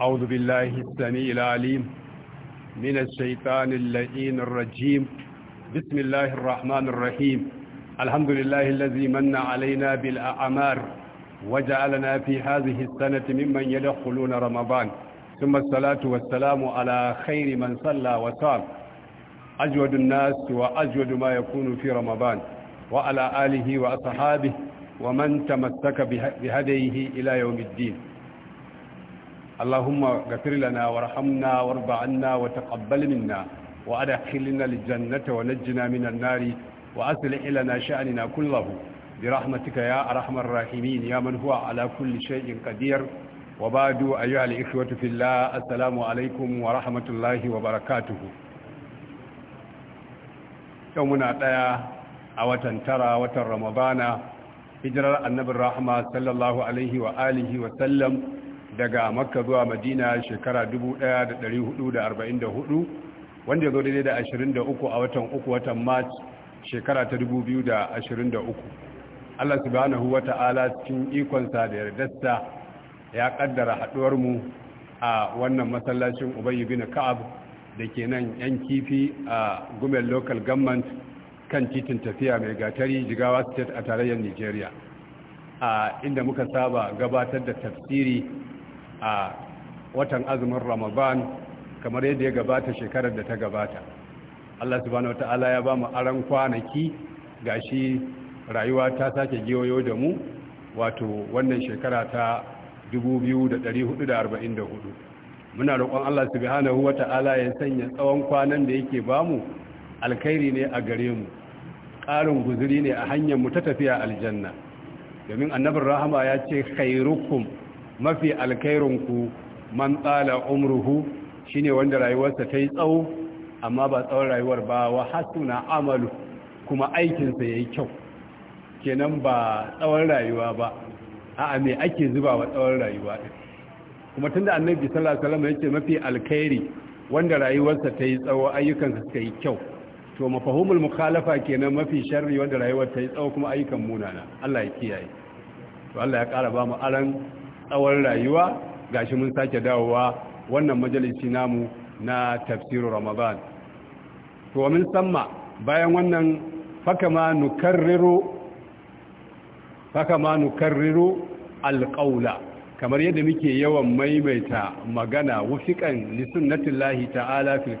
أعوذ بالله السميع العليم من الشيطان اللئين الرجيم بسم الله الرحمن الرحيم الحمد لله الذي من علينا بالأعمار وجعلنا في هذه السنة ممن يدخلون رمضان ثم الصلاة والسلام على خير من صلى وصام أجود الناس وأجود ما يكون في رمضان وعلى آله وأصحابه ومن تمسك بهديه إلى يوم الدين اللهم غفر لنا وارحمنا وارض عنا وتقبل منا وأدخلنا الجنة ونجنا من النار وأصلح لنا شأننا كله برحمتك يا أرحم الراحمين يا من هو على كل شيء قدير وبعد أيها الإخوة في الله السلام عليكم ورحمة الله وبركاته يومنا تايا أوتن ترى وتن رمضان hijirar annabin rahama sallallahu alaihi wa alihi wa sallam daga makka zuwa madina shekara 1444 wanda ya zo daidai da 23 a watan uku watan march shekara ta 2023 allah subhanahu wa ta'ala cikin ikonsa da yardasta ya kaddara haduwar mu a wannan masallacin ubayi bin ka'ab da ke nan yan kifi a gumen local government kan titin tafiya mai gatari jigawa state a tarayyar nigeria a inda muka saba gabatar da tafsiri a watan azumin ramadan kamar yadda ya gabata shekarar da ta gabata Allah subhanahu wata'ala ya ba mu aran kwanaki gashi rayuwa ta sake giyoyo da mu wato wannan shekara ta 2444 muna roƙon Allah subhanahu wata'ala ya sanya tsawon kwanan da yake ba mu alkhairi ne a gare mu ƙarin guzuri ne a hanyar mu ta tafiya aljanna domin annabin rahama ya ce khairukum mafi alkairinku man tsala umruhu shine wanda rayuwarsa ta yi tsawo amma ba tsawon rayuwar ba wa hasuna amalu kuma aikinsa ya yi kyau kenan ba tsawon rayuwa ba a me ake zuba wa tsawon rayuwa kuma tun annabi sallallahu alaihi wasallam yace mafi alkhairi wanda rayuwarsa ta yi tsawo ayyukansa suka yi kyau to mafahumul mukhalafa kenan mafi sharri wanda rayuwar ta yi tsawo kuma ayyukan munana Allah ya kiyaye to Allah ya ƙara ba mu aran tsawon rayuwa ga shi mun sake dawowa wannan majalisi namu na tafsirin ramadan to min samma bayan wannan fakama nukarriru fakama nukarriru alqaula kamar yadda muke yawan maimaita magana wufiƙan li sunnatillahi ta'ala fil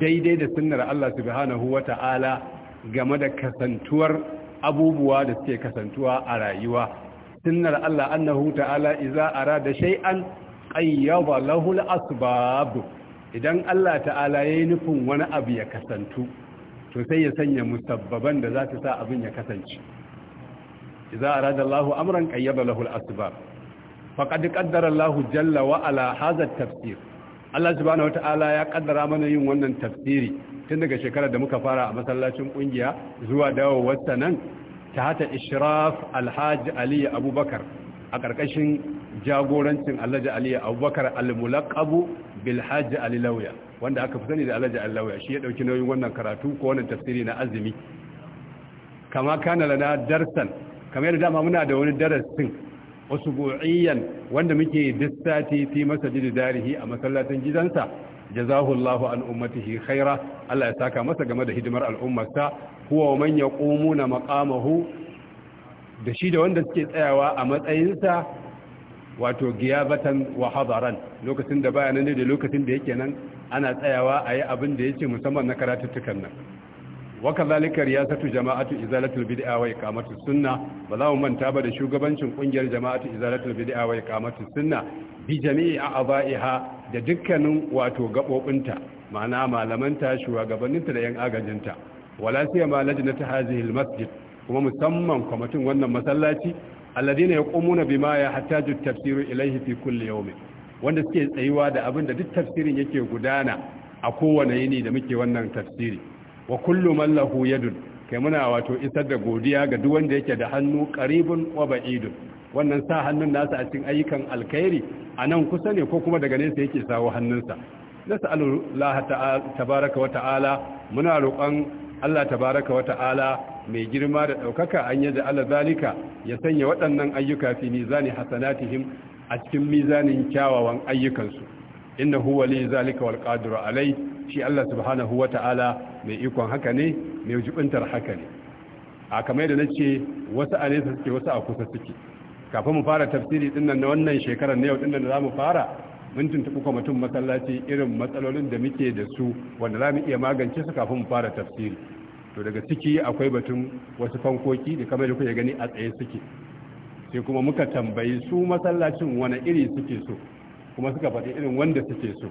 daidai da sunnar Allah subhanahu wa ta'ala game da kasantuwar abubuwa da suke kasantuwa a rayuwa sunnar Allah annahu ta'ala idza arada shay'an qayyada lahu al-asbab idan Allah ta'ala yayin nufin wani abu ya kasantu to sai ya sanya musabbaban da za ta sa abin ya kasance idza arada Allah amran qayyada lahu al-asbab faqad qaddara Allah jalla wa ala hadha at-tafsir Allah subhanahu ta'ala ya kaddara mana yin wannan tafsiri tun daga shekarar da muka fara a masallacin kungiya zuwa dawowar nan ta hata ishraf alhaji aliyu abubakar a ƙarƙashin jagorancin alhaji aliyu abubakar almulakabu bilhaji alilauya wanda aka fi sani da alhaji alilauya shi ya ɗauki nauyin wannan karatu ko wannan tafsiri na azumi kama kana lana darsan kama yadda dama muna da wani darasin asubu'iyyan wanda muke dissati fi masajidi darihi a masallacin gidansa jazahullahu an ummatihi khaira Allah ya saka masa game da hidimar al'ummarsa huwa man na maqamahu da shi da wanda suke tsayawa a matsayinsa wato giyabatan wa hadaran lokacin da baya nan da lokacin da yake nan ana tsayawa a yi abin da yake musamman na karatuttukan nan waka zalika riyasatu jama'atu izalatul bid'a wa iqamatus ba za mu manta ba da shugabancin kungiyar jama'atu izalatul bid'a wa iqamatus sunna bi jami'i a'dha'iha da dukkanin wato gaɓoɓinta ma'ana malamanta shugabanninta da 'yan agajinta wala sai ma ta hazihi masjid kuma musamman kwamitin wannan masallaci alladina na bima ya ju tafsiru ilaihi fi kulli yawmin wanda suke tsayuwa da abinda duk tafsirin yake gudana a kowane yini da muke wannan tafsiri wa kullu man lahu yadun kai muna wato isar da godiya ga duk wanda yake da hannu qaribun wa ba'idun wannan sa hannun nasa a cikin ayyukan alkhairi a nan kusa ne ko kuma daga nesa yake sawo hannunsa nasalu Allah tabaraka wa ta'ala muna roƙon Allah tabaraka wa ta'ala mai girma da ɗaukaka an yadda Allah zalika ya sanya waɗannan ayyuka fi mizani hasanatihim a cikin mizanin kyawawan ayyukansu innahu wali zalika wal qadiru alai shi Allah subhanahu wa ta'ala mai ikon haka ne mai jubuntar haka ne a kamar da nace wasu a nesa suke wasu a kusa suke kafin mu fara tafsiri din nan na wannan shekarar na yau din nan da zamu fara mun tuntuɓi kwamitin masallaci irin matsalolin da muke da su wanda za mu iya magance su kafin mu fara tafsiri to daga ciki akwai batun wasu fankoki da kamar da kuke gani a tsaye suke sai kuma muka tambayi su masallacin wani iri suke so kuma suka faɗi irin wanda suke so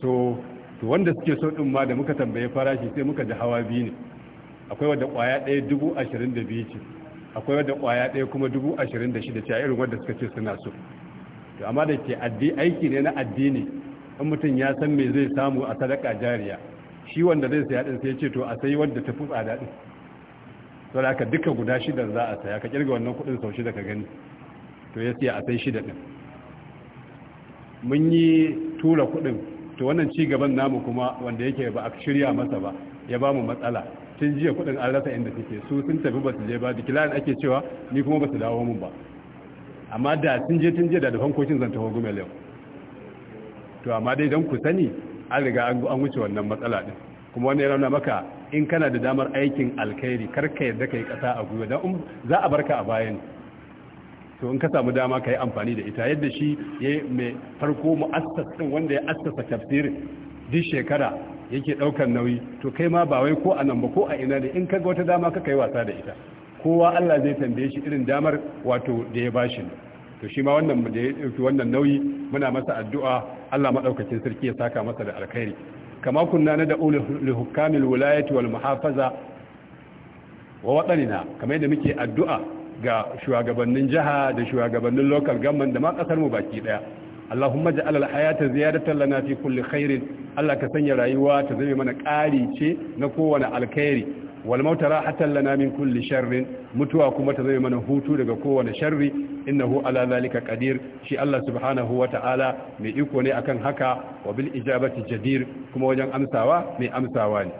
so to wanda suke so din ma da muka tambaye farashi sai muka ji hawa biyu ne akwai wanda ƙwaya ɗaya dubu ashirin da biyu ce akwai wadda kwaya ɗaya kuma dubu ashirin da shida ce a irin wadda suka ce suna so to amma da ke aiki ne na addini in mutum ya san me zai samu a sadaka jariya shi wanda zai saya din sai ce to a sai wanda ta futsa daɗi to da duka guda shida za a saya ka kirga wannan kuɗin sau shida ka gani to ya siya a sai shida ɗin mun yi tura kuɗin to wannan ci gaban namu kuma wanda yake ba a shirya masa ba ya ba mu matsala sun jiya kudin an rasa inda suke su sun tafi ba su je ba dikilarin ake cewa ni kuma ba su dawo mun ba amma da sun je tun jiya da dafan kocin zan taho mai yau to amma dai don ku sani an riga an wuce wannan matsala din kuma wani ya rauna maka in kana da damar aikin alkhairi karka yadda ka yi kasa a gwiwa don za a bar ka a bayan to in ka samu dama ka yi amfani da ita yadda shi ya mai farko mu'assas wanda ya assasa tafsirin duk shekara yake ɗaukar nauyi to kai ma ba wai ko a nan ba ko a ina da in kaga wata dama ka kai wasa da ita kowa Allah zai tambaye shi irin damar wato da ya bashi ne to shi ma wannan da ya ɗauki wannan nauyi muna masa addu'a Allah maɗaukacin sarki ya saka masa da alkhairi kama kunna na da ulul hukamil wilayati wal muhafaza wa wadanna kamar yadda muke addu'a ga shugabannin jiha da shugabannin local government da ma kasar mu baki daya Allahumma ja'al al-hayata ziyadatan lana fi kulli khairin Allah ka sanya rayuwa ta zame mana ƙari ce na kowane alkhairi wal mauta rahatan lana min kulli sharrin mutuwa kuma ta zame mana hutu daga kowane sharri innahu ala zalika qadir shi Allah subhanahu wata'ala mai iko ne akan haka wa bil ijabati jadir kuma wajen amsawa mai amsawa ne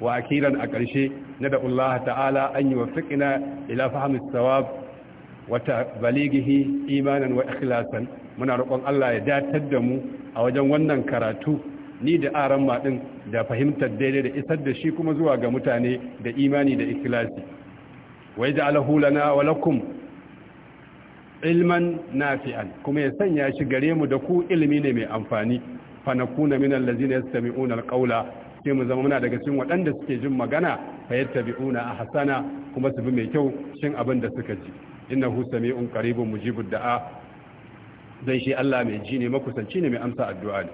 wa akiran a ƙarshe da Allah ta'ala an yuwaffiqina ila fahmi as wata balighi imanan wa ikhlasan muna roƙon Allah ya datar da mu a wajen wannan karatu ni da aran din da fahimtar daidai da isar da shi kuma zuwa ga mutane da imani da ikhlasi wai da lana wa lakum ilman nafi'an kuma ya sanya shi gare mu da ku ilimi ne mai amfani fa nakuna minal ladzina yastami'una alqawla sai mu zama muna daga cikin waɗanda suke jin magana fa yattabi'una ahsana kuma su bi mai kyau shin abin da suka ji innahu sami'un mu ji da'a don shi Allah mai ji ne makusanci ne mai amsa addu'a ne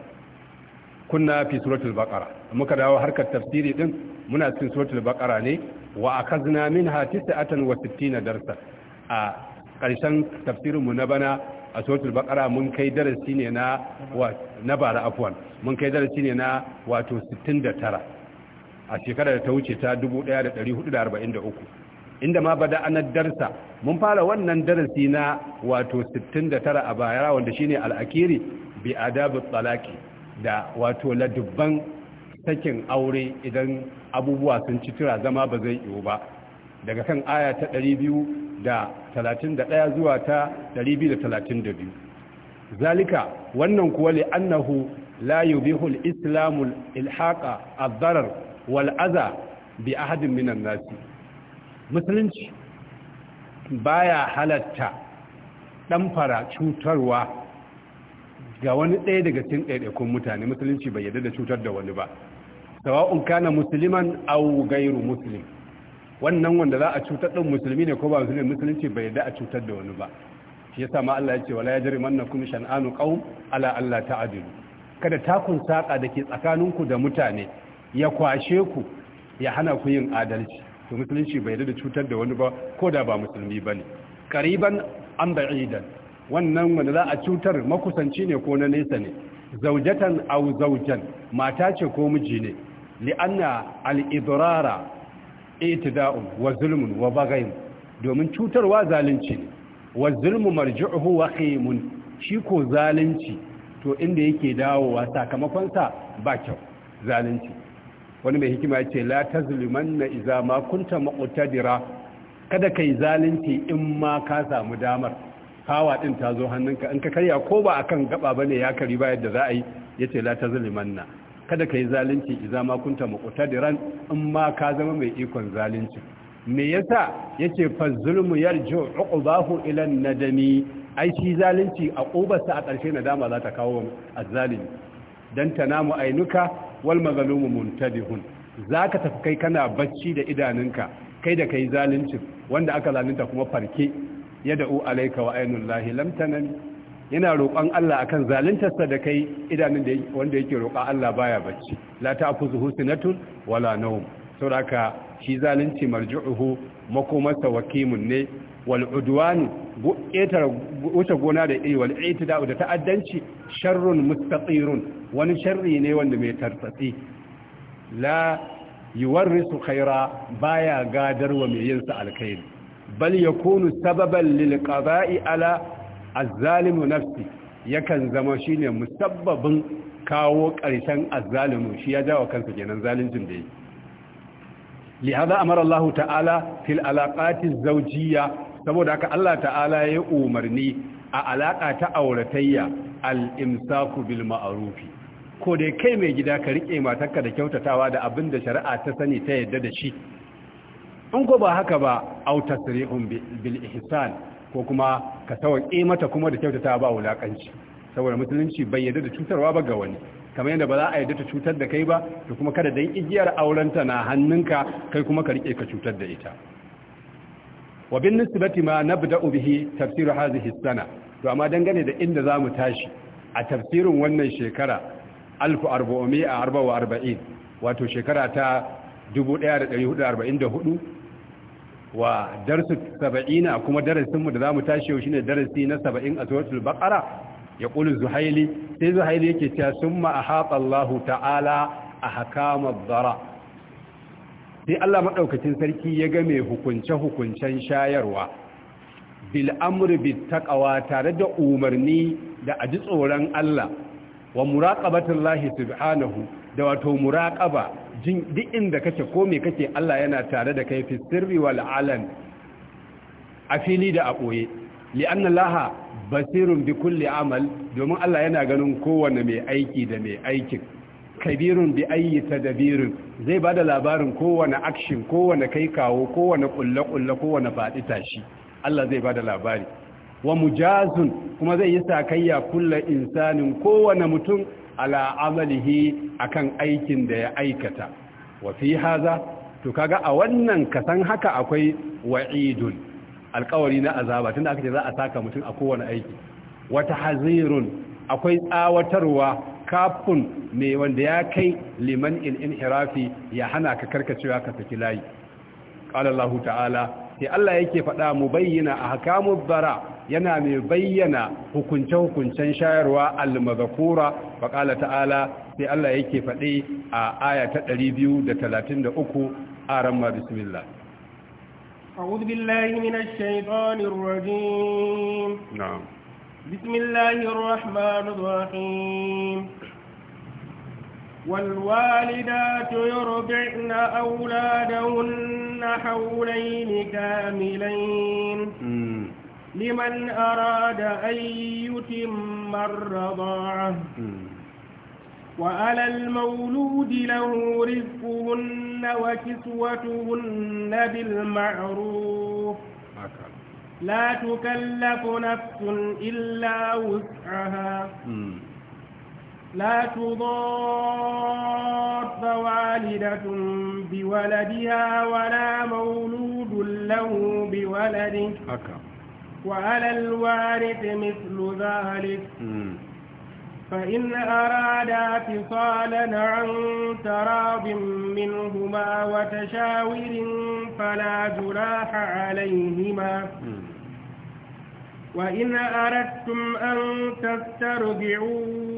kunna fi suratul baqara muka dawo harkar tafsiri din muna cikin suratul baqara ne wa akazna minha 69 darsa a ƙarshen tafsirinmu mu na bana a suratul mun kai darasi ne na na bara afwan mun kai darasi ne na wato 69 a shekarar da ta wuce ta 1443 inda ma ba da anadarsa, mun fara wannan darasi na wato 69 a bayara wanda shine al'akiri bi adabu tsalaki da wato ladubban sakin aure idan abubuwa sun ci tura zama ba zai yiwu ba daga kan aya ta 231 zuwa ta 232 zalika wannan kuwa li annahu la yubihu al-islamu al-ilhaqa ad-darar wal adha bi ahadin minan nasi musulunci baya halatta dan cutarwa ga wani ɗaya daga cikin ɗaiɗaikun mutane musulunci bai yarda da cutar da wani ba sawa'un kana musliman aw gairu muslim wannan wanda za a cutar ɗin musulmi ne ko ba musulmi musulunci bai yarda a cutar da wani ba shi yasa ma Allah ya ce wala yajrimannakum shan'anu qaum ala Allah ta'dilu kada takun saka dake tsakaninku da mutane ya kwashe ku ya hana ku yin adalci to musulunci bai da cutar da wani ba ko da ba musulmi ba ne kariban an Idan wannan wanda za a cutar makusanci ne ko na nesa ne zaujatan au zaujan mata ce ko miji ne li'anna al-idrara itida'un wa zulmun wa bagayin domin cutarwa zalunci ne wa zulmu marji'uhu waqimun shi ko zalunci to inda yake dawowa sakamakonsa ba kyau zalunci wani mai hikima ya ce la tazlimanna idza ma kunta muqtadira kada kai zalunci in ma ka samu damar hawa din ta zo hannunka in ka karya ko ba kan gaba bane ya kari ba yadda za a yi ce la na kada kai zalunci iza ma kunta in ma ka zama mai ikon zalunci me yasa yace fa zulmu yarju uqbahu ila nadami ai shi zalunci a ƙobarsa a ƙarshe nadama za ta kawo azzalimi dan tanamu ainuka wal mazlumu muntadihun zaka tafi kai kana bacci da idanunka kai da kai zalunci wanda aka zalunta kuma farke ya da'u alayka wa aynullahi lam yana roƙon Allah akan zaluntarsa da kai idanun da wanda yake roƙa Allah baya bacci la ta'khuzuhu husnatun wala nawm saboda shi zalunci marju'uhu makomarsa wakimun ne wal udwan wuce gona da iwal i'tida da ta'addanci sharrun mustaqirun. wani sharri ne wanda mai tartsatsi la yuwarrisu khaira baya wa mai yinsa alkhairi bal yakunu sababan lil ala az-zalimu nafsi yakan zama shine musabbabin kawo ƙarshen az shi ya jawo kansa kenan zalincin da yake lihaza amara Allah ta'ala fil alaqati zawjiyya saboda haka Allah ta'ala ya umarni a alaka ta auratayya al imsaku bil ma'rufi ko dai kai mai gida ka rike matarka da kyautatawa da abin da shari'a ta sani ta yadda da shi in ko ba haka ba auta tasrihun bil ihsan ko kuma ka mata kuma da kyautatawa ba wulakanci saboda musulunci bai yadda da cutarwa ba ga wani kamar yadda ba za a yadda ta cutar da kai ba to kuma kada dan igiyar aurenta na hannunka kai kuma ka rike ka cutar da ita wa bin nisbati ma nabda'u bihi tafsir hadhihi sana to amma dangane da inda zamu tashi a tafsirin wannan shekara 1440 wato shekara ta 1444 wa darsu 70 kuma darasinmu da zamu tashi yau ne darasi na 70 a suratul baqara ya qulu zuhaili sai zuhaili yake cewa summa a Allahu ta'ala a ad-dara sai Allah maɗaukacin sarki ya ga mai hukunce hukuncen shayarwa bil amri tare da umarni da aji tsoron Allah wa lahi subhanahu da wato muraqaba jin duk inda kake ko me kake Allah yana tare da kai fi sirri wal alan a fili da a boye li'anna laha basirun bi kulli amal domin Allah yana ganin kowanne mai aiki da mai aikin kabirun bi ayyi tadabirin zai bada labarin kowanne action kowanne kai kawo kowanne kullakulla kowanne faɗi tashi Allah zai bada labari wa mujazun kuma zai yi sakayya kulla insanin kowane mutum ala amalihi akan aikin da ya aikata wa fi haza to kaga a wannan kasan haka akwai wa'idun alkawari na azaba tunda aka ce za a saka mutum a kowane aiki wata hazirun akwai tsawatarwa kafin me wanda ya kai liman in inhirafi ya hana ka karkacewa ka saki layi qala Allah ta'ala sai Allah yake faɗa mu bayyana hakamun bara yana mai bayyana hukunce-hukuncen shayarwa al-mazakura wa qala ta'ala sai Allah yake faɗi a aya ta 233 aran ma bismillah أعوذ بالله من الشيطان الرجيم نعم بسم الله الرحمن الرحيم والوالدات يربعن أولادهن حولين كاملين لمن أراد أن يتم الرضاعة وعلى المولود له رزقهن وكسوتهن بالمعروف لا تكلف نفس إلا وسعها لا تضار والدة بولدها ولا مولود له بولده وعلى الوارث مثل ذلك فإن أرادا فصالا عن تراب منهما وتشاور فلا جراح عليهما وإن أردتم أن تسترضعوا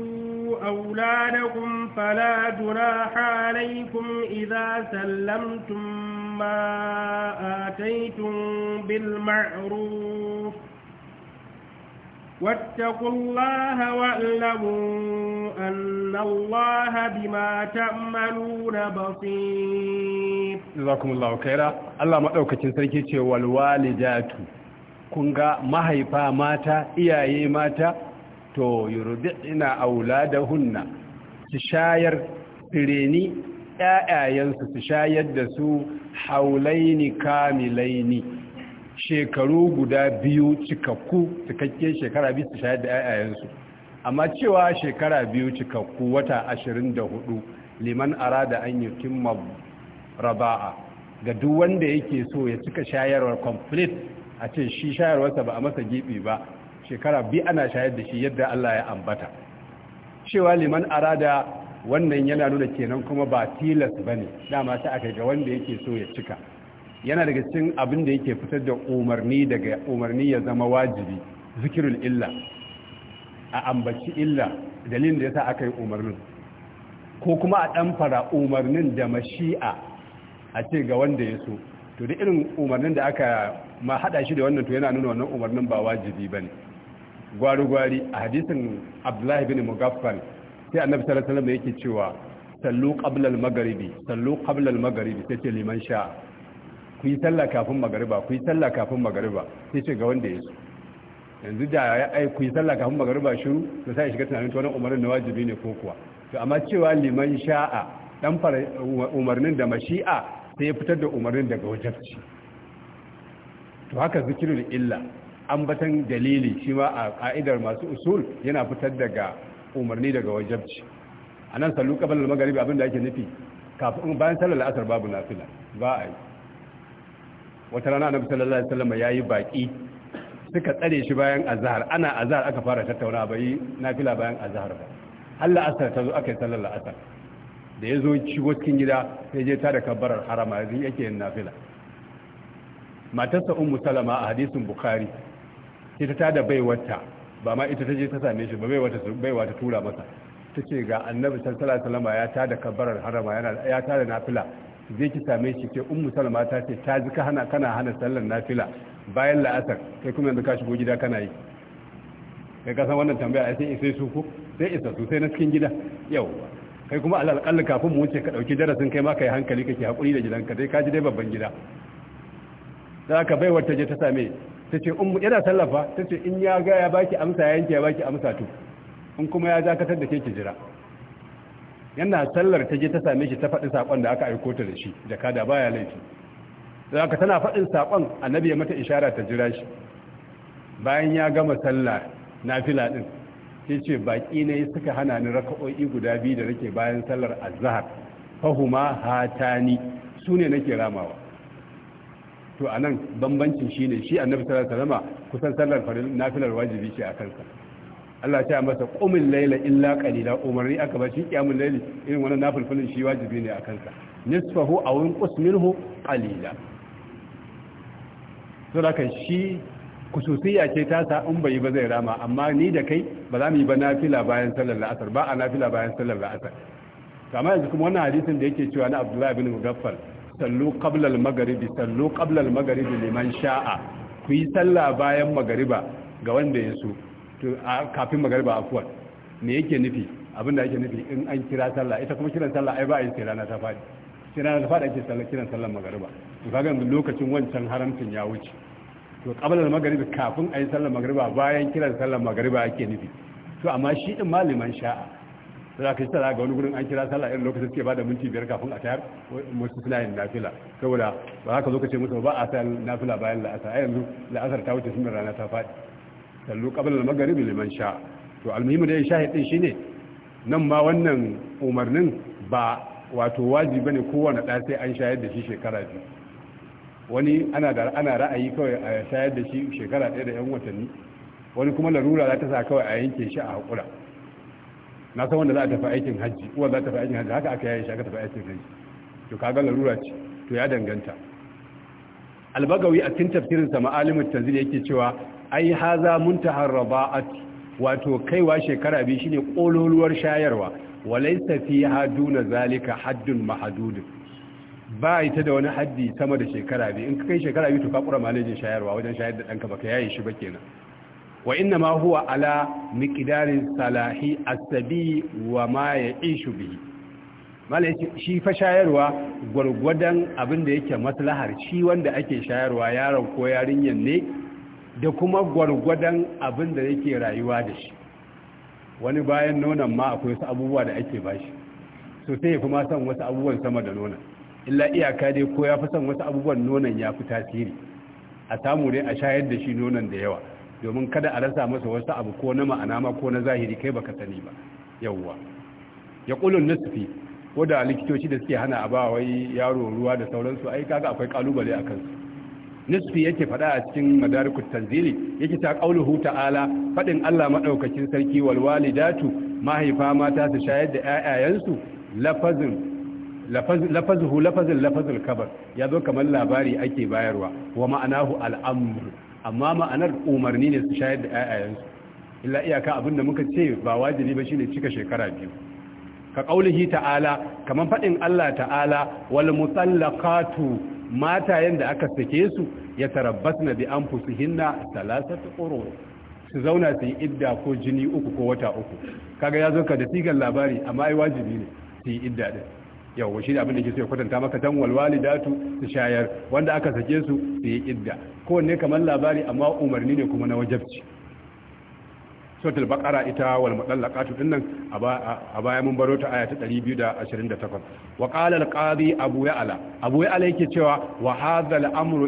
أولادكم فلا جراح عليكم إذا سلمتم ما آتيتم بالمعروف واتقوا الله واعلموا أن الله بما تعملون بصير جزاكم الله خيرا الله ما أوكتن سركيتي والوالدات كنغا mahaifa mata iyaye mata to yurdina auladahunna su shayar sireni ƴaƴayensu su shayar da su haulaini kamilaini shekaru guda biyu cikakku cikakke shekara biyu su shayar da ayayensu amma cewa shekara biyu cikakku wata ashirin da hudu liman arada an yi kimma raba'a ga duk wanda yake so ya cika shayarwar complete a ce shi shayarwarsa ba a masa gibi ba shekara biyu ana shayar da shi yadda Allah ya ambata cewa liman arada wannan yana nuna kenan kuma ba tilas ba ne dama ta aka ga wanda yake so ya cika yana daga cikin abin da yake fitar da umarni daga umarni ya zama wajibi zikirul illa a ambaci illa dalilin da yasa aka yi umarnin ko kuma a fara umarnin da mashi'a a ce ga wanda ya so to da irin umarnin da aka ma haɗa shi da wannan to yana nuna wannan umarnin ba wajibi ba ne gwari-gwari a hadisin abdullahi bin mugaffal sai annabi sallallahu alaihi wasallam yake cewa sallu qabla al-maghribi sallu qabla al-maghribi sai ce liman sha ku yi sallah kafin magariba ku yi sallah kafin magariba sai ce ga wanda ya su yanzu da ya ai ku yi sallah kafin magariba shiru to sai shiga tunanin to wannan umarnin na wajibi ne ko kuwa to amma cewa liman sha'a dan fara umarnin da mashi'a sai ya fitar da umarnin daga wajabci to haka zikirul illa ambatan dalili shi ma a ka'idar masu usul yana fitar daga umarni daga wajabci a nan sallu kabal al-magharibi abinda yake nufi kafin bayan sallar asar babu nafila ba a yi wata rana annabi sallallahu alaihi wasallam yayi baki suka tsare shi bayan azhar ana azhar aka fara tattauna bai nafila bayan azhar ba har asar ta zo aka yi sallar asar da ya zo shigo gida sai je ta da kabbarar harama zai yake yin nafila matarsa ummu salama a hadisin bukhari sai ta da wata ba ma ita ta je ta same shi ba baiwa ta tura masa ta ce ga annabi sallallahu alaihi ya tada kabbarar harama yana ya tada nafila zai ki same shi ke ummu salama ta ce ta ji ka hana kana hana sallar nafila bayan la'asar kai kuma yanzu ka shigo gida kana yi kai ka san wannan tambaya sai isai su ko sai isa su sai na cikin gida yau kai kuma alal kalli kafin mu wuce ka dauki darasin kai ma kai hankali kake hakuri da gidanka dai ka ji dai babban gida da ka baiwar ta je ta same ta ce ummu yana sallafa ta ce in ya ga ya baki amsa yanke ya baki amsa to in kuma ya dakatar da ke ki jira yana sallar ta je ta same shi ta faɗi saƙon da aka aiko ta da shi jaka da baya laifi da tana faɗin saƙon annabi ya mata ishara ta jira shi bayan ya gama sallah nafila din sai ce baƙi ne suka hana ni raka'o'i guda biyu da nake bayan sallar azhar fahuma hatani sune nake ramawa to a nan bambancin shi ne shi annabi sallallahu alaihi kusan sallar faril nafilar wajibi shi a kansa Allah ya ce masa qumil laila illa qalila umarni aka ba shi qiyamul laili irin wannan nafilfilin shi wajibi ne a kansa nisfahu aw inqus minhu qalila to da kan shi kususiyya ce ta sa in bai ba zai rama amma ni da kai ba za mu yi ba nafila bayan sallar la'asar ba a nafila bayan sallar la'asar to yanzu kuma wannan hadisin da yake cewa na Abdullah ibn Mughaffal sallu qablal al sallu qablal al liman sha'a ku yi sallah bayan magariba ga wanda ya so to kafin magariba afwan me yake nufi abinda yake nufi in an kira sallah ita kuma kiran sallah ai ba a yin sai rana ta fadi sai rana ta fadi ake sallah kiran sallah magariba to kaga yanzu lokacin wancan haramcin ya wuce to qablal al kafin kafin yi sallah magariba bayan kiran sallah magariba ake nufi to amma shi din maliman sha'a sai aka yi ga wani gurin an kira sallah irin lokacin suke bada minti biyar kafin a tayar musu suna nafila saboda ba haka zo ka ce musu ba a sayar nafila bayan la'asar a yanzu la'asar ta wuce sunan rana ta faɗi sallu ƙabalar al-maghrib liman sha to almuhimu da shahid shi shine nan ma wannan umarnin ba wato wajibi ne kowane ɗa sai an shayar da shi shekara biyu wani ana ra'ayi kawai a shayar da shi shekara ɗaya da 'yan watanni wani kuma larura za ta sa kawai a yanke shi a haƙura na san wanda za a tafi aikin hajji uwa za ta tafi aikin hajji haka aka yaye shi aka tafi aikin hajji to kaga larura ce to ya danganta albagawi a cikin tafsirin sa ma'alimut tanzil yake cewa ai haza muntahar raba'at wato kaiwa shekara biyu shine kololuwar shayarwa walaysa fiha duna zalika haddun mahdud ba ita da wani haddi sama da shekara biyu in ka kai shekara biyu to ka kura malajin shayarwa wajen shayar da danka baka yaye shi ba kenan wa inna ma huwa ala miqdarin salahi asabi wa ma ya'ishu bihi mala shi fa shayarwa gwargwadon abin da yake maslahar shi wanda ake shayarwa yaron ko yarinyar ne da kuma gurgudan abin da yake rayuwa da shi wani bayan nonon ma akwai wasu abubuwa da ake bashi so sai ya san wasu abubuwan sama da nonon illa iyaka dai ko ya fi son wasu abubuwan nonon ya fi tasiri a samu dai a shayar da shi nonon da yawa domin kada a rasa masa wasu abu ko na ma'ana ma ko na zahiri kai baka sani ba yawwa ya kulun ko da likitoci da suke hana a ba wai yaro ruwa da sauransu ai kaga akwai kalubale a kansu nisfi yake faɗa a cikin madarikut tanzili yake ta qauluhu ta'ala fadin Allah madaukakin sarki wal walidatu mahaifa mata su shayar da ayayansu lafazin lafazuhu lafazin lafazul kabar ya zo kamar labari ake bayarwa wa ma'anahu al-amr amma ma'anar umarni ne su shayar da ayayensu illa iyaka abinda muka ce ba wajibi ba shine cika shekara biyu ka kaulihi ta'ala kamar faɗin Allah ta'ala wal mutallaqatu mata yanda aka sake su ya tarabbasna bi anfusihinna thalathatu quru su zauna su yi idda ko jini uku ko wata uku kaga ya zo ka da sigar labari amma ai wajibi ne su yi idda din yawa shi da abin da ke sai kwatanta maka walwali, datu su shayar wanda aka sake su su yi idda kowanne kamar labari amma umarni ne kuma na wajabci suratul bakara ita wal mudallaqatu dinnan a baya mun baro ta aya ta 228 wa qala al abu yaala abu yake cewa wa hadha